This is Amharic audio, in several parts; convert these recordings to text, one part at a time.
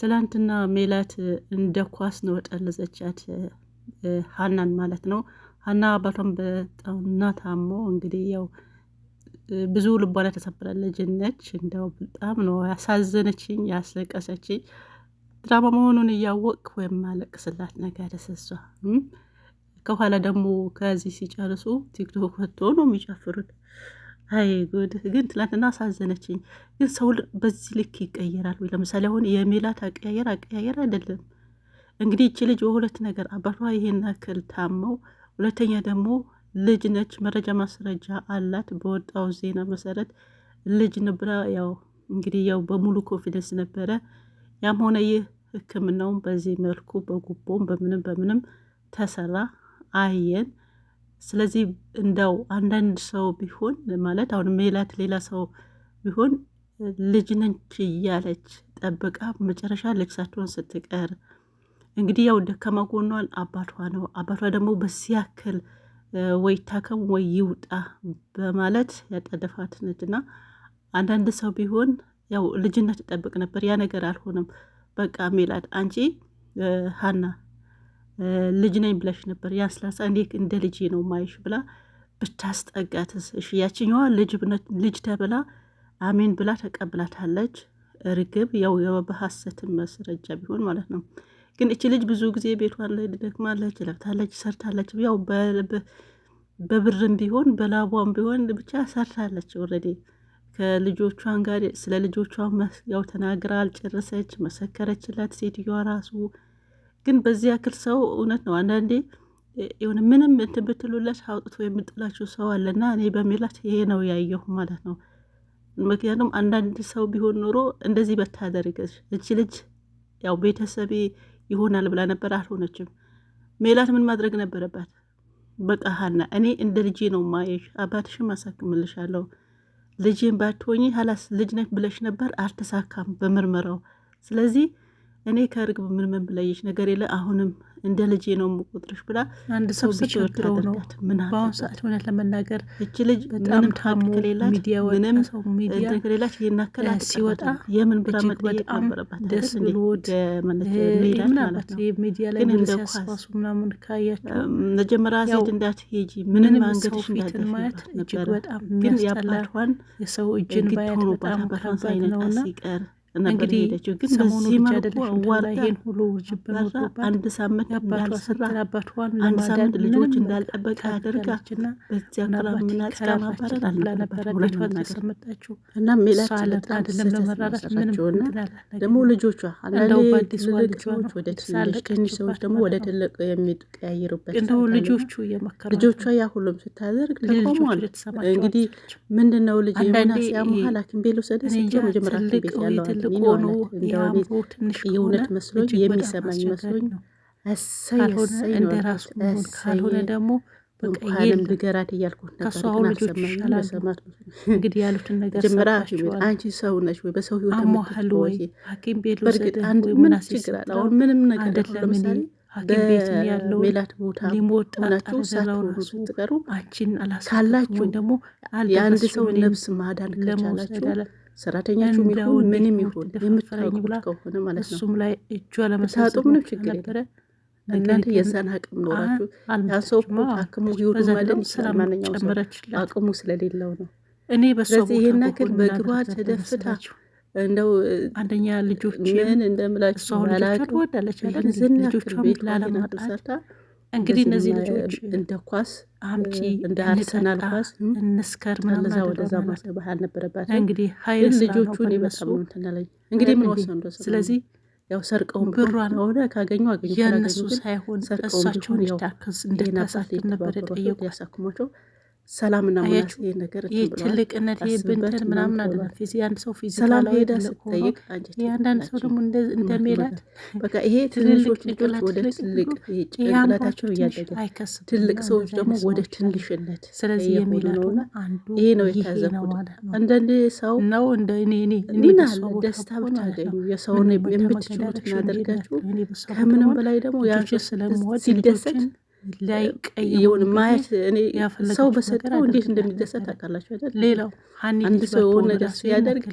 ትላንትና ሜላት እንደ ኳስ ነው ጠለዘቻት፣ ሀናን ማለት ነው። ሀና አባቷን በጠና ታሞ እንግዲህ ያው ብዙ ልቧና ተሰብራለች። ነች እንደው በጣም ነው ያሳዘነችኝ ያስለቀሰችኝ። ድራማ መሆኑን እያወቅ ወይም ማለቅስላት ነገር ስሷ ከኋላ ደግሞ ከዚህ ሲጨርሱ ቲክቶክ ወጥቶ ነው የሚጨፍሩት። አይ ጉድ! ግን ትናንትና አሳዘነችኝ። ግን ሰው በዚህ ልክ ይቀየራል ወይ? ለምሳሌ አሁን የሜላት አቀያየር አቀያየር አይደለም። እንግዲህ እቺ ልጅ በሁለት ነገር አባቷ ይሄን ያክል ታመው፣ ሁለተኛ ደግሞ ልጅ ነች፣ መረጃ ማስረጃ አላት። በወጣው ዜና መሰረት ልጅ ንብራ ያው እንግዲህ ያው በሙሉ ኮንፊደንስ ነበረ። ያም ሆነ ይህ ሕክምናውን በዚህ መልኩ በጉቦም በምንም በምንም ተሰራ አየን። ስለዚህ እንደው አንዳንድ ሰው ቢሆን ማለት አሁን ሜላት ሌላ ሰው ቢሆን ልጅ ነች እያለች ጠብቃ መጨረሻ ልክሳቸውን ስትቀር እንግዲህ ያው ደካማ ጎኗን አባቷ ነው። አባቷ ደግሞ በሲያክል ወይ ታከም ወይ ይውጣ በማለት ያጣደፋት ነች እና አንዳንድ ሰው ቢሆን ያው ልጅነት ይጠብቅ ነበር። ያ ነገር አልሆነም። በቃ ሜላት አንቺ ሀና ልጅ ነኝ ብለሽ ነበር። ያን ስላሳ እንዴት እንደ ልጅ ነው ማይሽ ብላ ብታስጠጋትስ? እሺ ያችኛዋ ልጅ ተብላ አሜን ብላ ተቀብላታለች። ርግብ ያው በሐሰትን መስረጃ ቢሆን ማለት ነው። ግን እቺ ልጅ ብዙ ጊዜ ቤቷን ላይ ደክማለች፣ ለብታለች፣ ሰርታለች። ያው በብርም ቢሆን በላቧም ቢሆን ብቻ ሰርታለች ኦልሬዲ ከልጆቿን ጋር ስለ ልጆቿ ያው ተናግራ አልጨረሰች፣ መሰከረችላት ሴትዮዋ ራሱ ግን በዚህ ያክል ሰው እውነት ነው። አንዳንዴ የሆነ ምንም እንትን ብትሉለት አውጥቶ የምጥላችሁ ሰው አለና እኔ በሚላት ይሄ ነው ያየሁ ማለት ነው። ምክንያቱም አንዳንድ ሰው ቢሆን ኖሮ እንደዚህ በታደርገች እች ልጅ ያው ቤተሰቤ ይሆናል ብላ ነበር፣ አልሆነችም። ሜላት ምን ማድረግ ነበረባት? በቃ ሀና እኔ እንደ ልጄ ነው ማየሽ፣ አባትሽም አሳክምልሻለሁ። ልጄን ባትሆኚ ሀላስ ልጅ ነች ብለሽ ነበር፣ አልተሳካም በምርመራው ስለዚህ እኔ ከእርግብ ምን መብለይሽ ነገር የለ አሁንም እንደ ልጄ ነው የምቆጥርሽ ብላ አንድ ሰው ሲቸግረው ነው። በአሁኑ ሰዓት እውነት ለመናገር እች ልጅ በጣም ታሞ ምንም እንትን ከሌላች ይናከል ሲወጣ የምን ብላ መጠየቅ ነበረባት። ደስ ብሎት ሚዲያ ላይ ሲያስፋሱ ምናምን ካያቸው መጀመሪያ ሴት እንዳትሄጂ ምንም አንገትሽ ፊትን ማለት እጅግ በጣም ግን የሚያስጠላ የሰው እጅን ባያት በጣም ከባድ ነውና እንግዲህ ሁሉ አንድ ሳምንት አንድ ሳምንት ልጆች እንዳልጠበቀ ማባረር እና ደግሞ ልጆቿ ሰዎች ወደ ትንሽ ትንሽ ሰዎች ደግሞ ወደ ትልቅ የሚቀያይሩበት ልጆቹ ልጆቿ ያ ሁሉም ስታደርግ ተቆሟል። እንግዲህ ምንድነው ልጅ ምናስ ያመሀል ሐኪም ቤት መጀመሪያ ቤት ያለዋል ትልቅ ሆኖ የአምሮ ትንሽ መስሎኝ የሚሰማኝ መስሎኝ እሰይ እንደ ራሱ ካልሆነ ደግሞ እንኳንም ብገራት እያልኩት ነበር። እንግዲህ ያሉትን ነገር አንቺ ሰው ነች ወይ በሰው ህይወት አሞሃል ወይ ሐኪም ቤት ምን አሁን ምንም ነገር ያለው ሜላት ቦታ ሊሞት ካላችሁ ደግሞ የአንድ ሰው ነብስ ማዳን ከቻላችሁ ሰራተኛችሁ የሚሆን ምንም ይሁን የምታረጉት ከሆነ ማለት ነው። እሱም ላይ እጇ ለመሳሰሉ ምንም ችግር ነበረ። እናንተ የዛን አቅም ኖራችሁ ያሰው አክሙ ህይወቱ ማለት ይችላል። ማንኛውም ሰው አቅሙ ስለሌለው ነው። እኔ ስለዚህ ይሄን ያክል በግባ ተደፍታ እንደው አንደኛ ልጆች ምን እንደምላችሁ ላላቅ ይህን ዝናክር ቤት ላለም እንግዲህ እነዚህ ልጆች እንደ ኳስ አምጪ እንደ አርሰናል ኳስ እንስከር ምናምን ወደዛ ማስገባት አልነበረባትም። እንግዲህ ሀይል ልጆቹን ይበሳሉ ትናለኝ። እንግዲህ ምን ወሰኑ? ስለዚህ ያው ሰርቀውን ብሯን ሆነ ካገኙ አገኙ፣ የእነሱ ሳይሆን እሳቸውን ዳክስ እንደናባት ነበር ጠየቁ ያሳክሟቸው ሰላም እና ነገር ትልቅነት ይሄ ብንትን ምናምን አይደለም። ፊዚ አንድ ሰው ሄዳ አንዳንድ ሰው ደግሞ እንደ በቃ ይሄ ልጆች ወደ ትልቅ ጭንቅላታቸው እያደገ ትልቅ ሰዎች ደግሞ ወደ ትንሽነት ስለዚህ ይሄ ነው የታዘብኩት። አንዳንድ ሰው ነው እንደ እኔ ደስታ ብታገኙ የሰውን የምትችሉት እናደርጋችሁ ከምንም በላይ ደግሞ ያንቺ ሲደሰት ላይ ቀይሆን ማየት ሰው በሰጠው እንዴት እንደሚደሰት ታውቃላችሁ አይደል? ሌላው አንድ ሰው የሆነ ነገር ሲያደርግ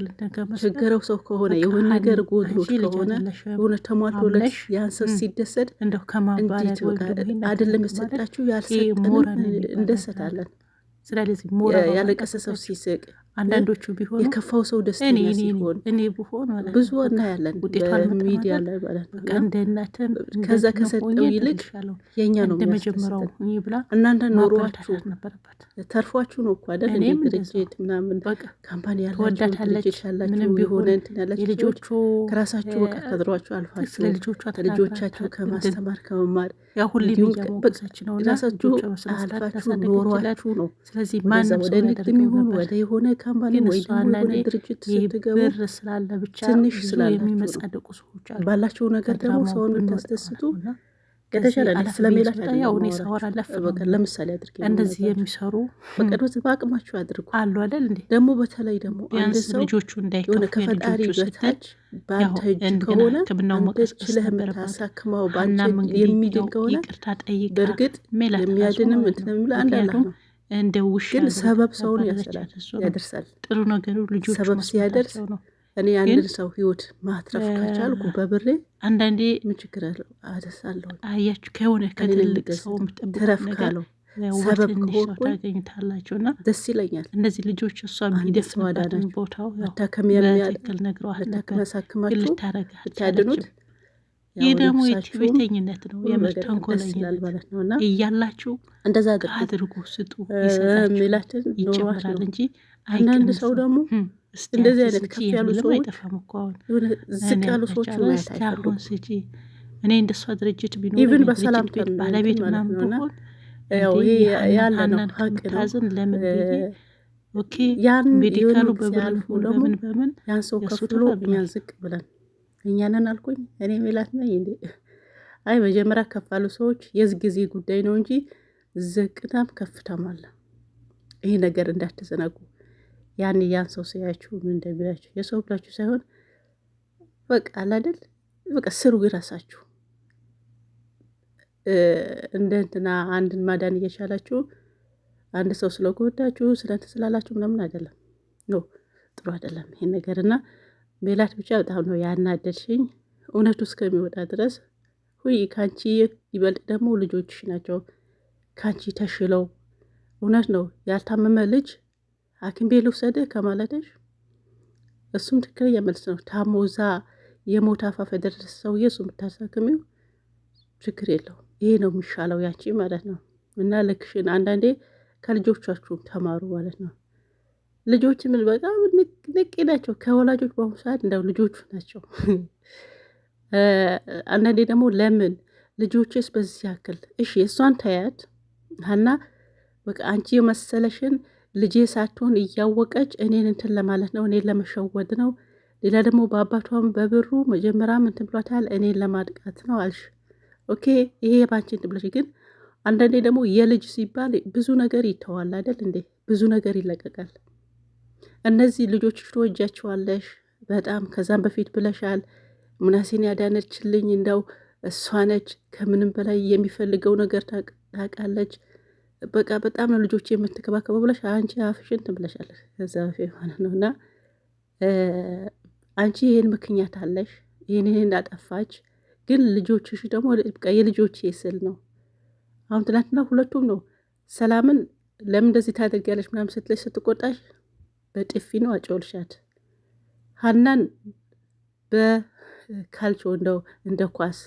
ችግረው ሰው ከሆነ የሆነ ነገር ጎድሎ ከሆነ የሆነ ተሟልቶለት ያን ሰው ሲደሰት እንዴት አይደለም የሰጣችሁ ያልሰጠን እንደሰታለን። ያለቀሰ ሰው ሲስቅ አንዳንዶቹ ቢሆኑ የከፋው ሰው ደስተኛ ሲሆን እኔ ብሆን ብዙ እናያለን ሚዲያ ላይ እንደ እናትም ከዛ ከሰጠው ይልቅ የእኛ ነው እንደመጀመሪያው ብላ እናንተ ኖሯችሁ ተርፏችሁ ነው እኮ አይደል? እኔም ድርጅት ምናምን ካምፓኒ ያላችሁ ልጆች ያላችሁ እንትን ያላችሁ ከራሳችሁ በቃ ከድሯችሁ አልፋችሁ ልጆቻችሁ ከማስተማር ከመማር ራሳችሁ አልፋችሁ ኖሯችሁ ነው። ስለዚህ ወደ ንግድ የሚሆን ወደ የሆነ መልካም ባለ ወይ ድርጅት ስትገቡ ብር ስላለ ብቻ ትንሽ ስላለ የሚመጻደቁ ሰዎች አሉ። ባላቸው ነገር ደግሞ ሰውን ብታስደስቱ ከተሻለ ስለሜላት ያውኔ ሰወር አለፍ ለምሳሌ አድርግ እንደዚህ የሚሰሩ በቀዶት በአቅማችሁ አድርጉ አሉ አይደል እንዴ? ደግሞ በተለይ ደግሞ አንድ ሰው ልጆቹ እንዳይሆነ ከፈጣሪ በታች በአንተ እጅ ከሆነ አንተ ችለህ የምታሳክመው በአንተ የሚድን ከሆነ በእርግጥ የሚያድንም እንትን የሚለ አንድ ነው እንደ ውሻ ግን ሰበብ ሰውን ያስላል ያደርሳል። ጥሩ ነገሩ ልጆች ሰበብ ሲያደርስ እኔ አንድን ሰው ህይወት ማትረፍ ከቻልኩ በብሬ አንዳንዴ ምን ችግር አለው አደርሳለሁ። አያችሁ ከሆነ ከትልቅ ሰው ትረፍ ካለው ሰበብ ታገኝታላቸው እና ደስ ይለኛል። እነዚህ ልጆች እሷ የሚደፍንባትን ቦታው ታከሚያ ሚያል ነግረዋል። ታክመሳክማችሁ ልታደኑት ይህ ደግሞ የትዕቢተኝነት ነው፣ የምር ተንኮለኝነት እያላችሁ እንደዛ አድርጎ ስጡ ይሰጣችሁ ይጨምራል እንጂ አንዳንድ ሰው ደግሞ እንደዚህ አይነት ከፍ ያሉ ሰዎች አይጠፋም እኮ አሁን ዝቅ ያሉ ሰዎች ስሁን ስጪ እኔ እንደሷ ድርጅት ቢኖር በሰላም ባለቤት ምናምን ብሆን ያለ ነው ሀቅ ለምን ያን ሜዲካሉ በምን በምን በምን ያን ሰው ከፍሎ እኛን ዝቅ ብለን እኛንን አልኩኝ እኔ ሜላት ነኝ እንዴ? አይ መጀመሪያ ከፍ ያሉ ሰዎች የዚህ ጊዜ ጉዳይ ነው እንጂ ዝቅታም ከፍታም አለ። ይህ ነገር እንዳትዘነጉ። ያን ያን ሰው ስያችሁ ምን እንደሚላችሁ የሰው ብላችሁ ሳይሆን በቃ አላደል በቃ ስሩ ራሳችሁ። እንደ እንትና አንድን ማዳን እየቻላችሁ አንድ ሰው ስለጎዳችሁ ስለንት ስላላችሁ ምናምን አይደለም። ኖ ጥሩ አይደለም ይሄን ነገርና ሜላት ብቻ በጣም ነው ያናደድሽኝ። እውነቱ እስከሚወጣ ድረስ ሁይ ከአንቺ ይበልጥ ደግሞ ልጆችሽ ናቸው ከአንቺ ተሽለው። እውነት ነው ያልታመመ ልጅ ሐኪም ቤት ልውሰድህ ከማለትሽ እሱም ትክክለኛ መልስ ነው። ታሞዛ የሞት አፋፍ የደረሰ ሰውዬ እሱ የምታሳክሚው ችግር የለውም። ይሄ ነው የሚሻለው ያንቺ ማለት ነው። እና ልክሽን አንዳንዴ ከልጆቻችሁ ተማሩ ማለት ነው። ልጆች ምን በጣም ንቄ ናቸው ከወላጆች በአሁኑ ሰዓት እንደው ልጆቹ ናቸው። አንዳንዴ ደግሞ ለምን ልጆችስ በዚህ ያክል እሺ፣ እሷን ታያት ሀና በቃ አንቺ የመሰለሽን ልጄ ሳትሆን እያወቀች እኔን እንትን ለማለት ነው፣ እኔን ለመሸወድ ነው። ሌላ ደግሞ በአባቷም በብሩ መጀመሪያም እንትን ብሏታል፣ እኔን ለማድቃት ነው አልሽ። ኦኬ ይሄ ባንቺ እንትን ብለሽ ግን አንዳንዴ ደግሞ የልጅ ሲባል ብዙ ነገር ይተዋል አይደል እንዴ? ብዙ ነገር ይለቀቃል። እነዚህ ልጆች ትወጃቸዋለሽ በጣም ከዛም በፊት ብለሻል። ሙናሴን ያዳነችልኝ እንደው እሷ ነች። ከምንም በላይ የሚፈልገው ነገር ታውቃለች። በቃ በጣም ነው ልጆች የምትከባከበው ብለሽ አንቺ አፍሽን ትብለሻለሽ። ከዛ በፊት የሆነ ነው እና አንቺ ይህን ምክንያት አለሽ፣ ይህን ይህን አጠፋች። ግን ልጆችሽ ደግሞ የልጆች ስል ነው። አሁን ትናንትና ሁለቱም ነው ሰላምን ለምን እንደዚህ ታደርጊያለሽ ምናምን ስትለሽ ስትቆጣሽ በጥፊ ነው አጮልሻት። ሀናን በካልቾ እንደው እንደ ኳስ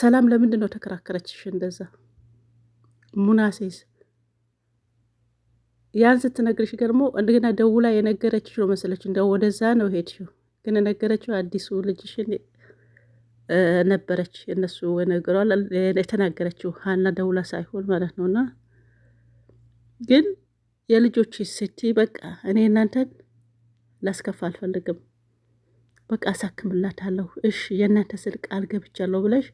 ሰላም ለምንድን ነው ተከራከረችሽ እንደዛ? ሙናሴስ ያን ስትነግርሽ ገርሞ እንደገና ደውላ የነገረችሽ ነው መሰለች። እንደው ወደዛ ነው ሄድሽው፣ ግን የነገረችው አዲሱ ልጅሽን ነበረች። እነሱ ነገሯል የተናገረችው ሀና ደውላ ሳይሆን ማለት ነውና ግን የልጆች ስቲ በቃ እኔ እናንተን ላስከፋ አልፈልግም፣ በቃ አሳክምላታለሁ፣ እሽ የእናንተ ስል ቃል ገብቻለሁ ብለሽ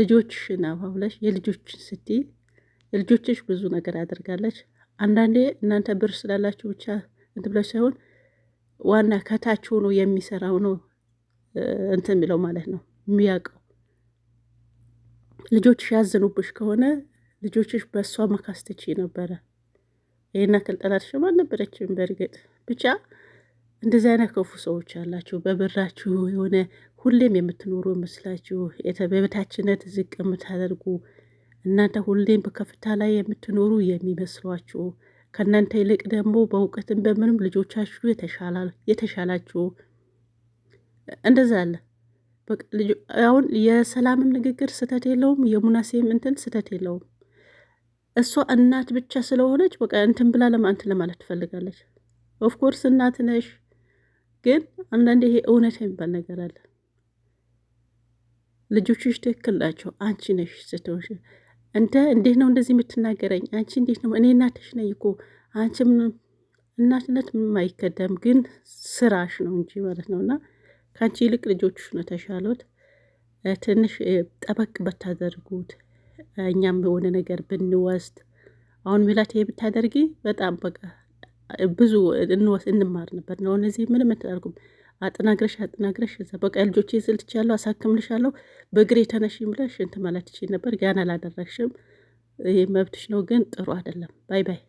ልጆችሽን አባ ብለሽ የልጆችን ስቲ የልጆችሽ ብዙ ነገር አድርጋለች። አንዳንዴ እናንተ ብር ስላላችሁ ብቻ እንትን ብለሽ ሳይሆን ዋና ከታች ሆኖ የሚሰራው ነው እንትን የሚለው ማለት ነው የሚያውቀው። ልጆችሽ ያዘኑብሽ ከሆነ ልጆችሽ በእሷ መካስተቺ ነበረ። ይህን ያክል ጠላት አልነበረችም። በእርግጥ ብቻ እንደዚህ አይነት ክፉ ሰዎች አላችሁ። በብራችሁ የሆነ ሁሌም የምትኖሩ ይመስላችሁ በበታችነት ዝቅ የምታደርጉ እናንተ ሁሌም በከፍታ ላይ የምትኖሩ የሚመስሏችሁ ከእናንተ ይልቅ ደግሞ በእውቀትም በምንም ልጆቻችሁ የተሻላችሁ እንደዛ አለ። አሁን የሰላምም ንግግር ስህተት የለውም፣ የሙናሴም እንትን ስህተት የለውም። እሷ እናት ብቻ ስለሆነች በቃ እንትን ብላ ለማንትን ለማለት ትፈልጋለች። ኦፍኮርስ እናት ነሽ፣ ግን አንዳንድ ይሄ እውነት የሚባል ነገር አለ። ልጆችሽ ትክክል ናቸው፣ አንቺ ነሽ ስትሆንሽ እንደ እንዴት ነው እንደዚህ የምትናገረኝ አንቺ እንዴት ነው? እኔ እናትሽ ነኝ እኮ አንቺ እናትነት ምንም አይከደም፣ ግን ስራሽ ነው እንጂ ማለት ነው። እና ከአንቺ ይልቅ ልጆችሽ ነው ተሻሎት። ትንሽ ጠበቅ በታደርጉት እኛም የሆነ ነገር ብንወስድ አሁን ሚላት የምታደርጊ በጣም በቃ ብዙ እንወስ እንማር ነበር ነው። እነዚህ ምንም አታደርጉም። አጥናግረሽ አጥናግረሽ እዛ በቃ ልጆቼ ስል ትችላለሁ፣ አሳክምልሻለሁ፣ በእግሬ ተነሽኝ ብለሽ እንትን ማለት ትችል ነበር። ያን አላደረግሽም። ይህ መብትሽ ነው፣ ግን ጥሩ አይደለም። ባይ ባይ።